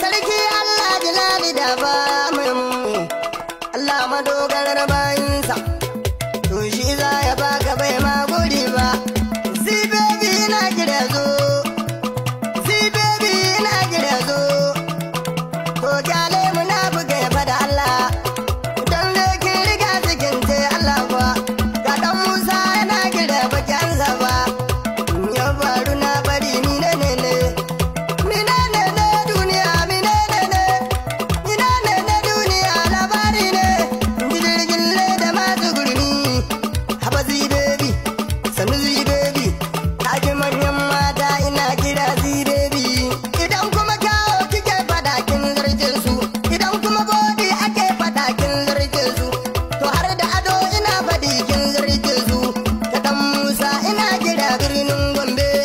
Sarki Allah jilali da ba Allah madogarar bayinsa, to shi za ya baka bai ma gudi ba, si zibebi na gida zo, zibebi na gida zo, to kyale one day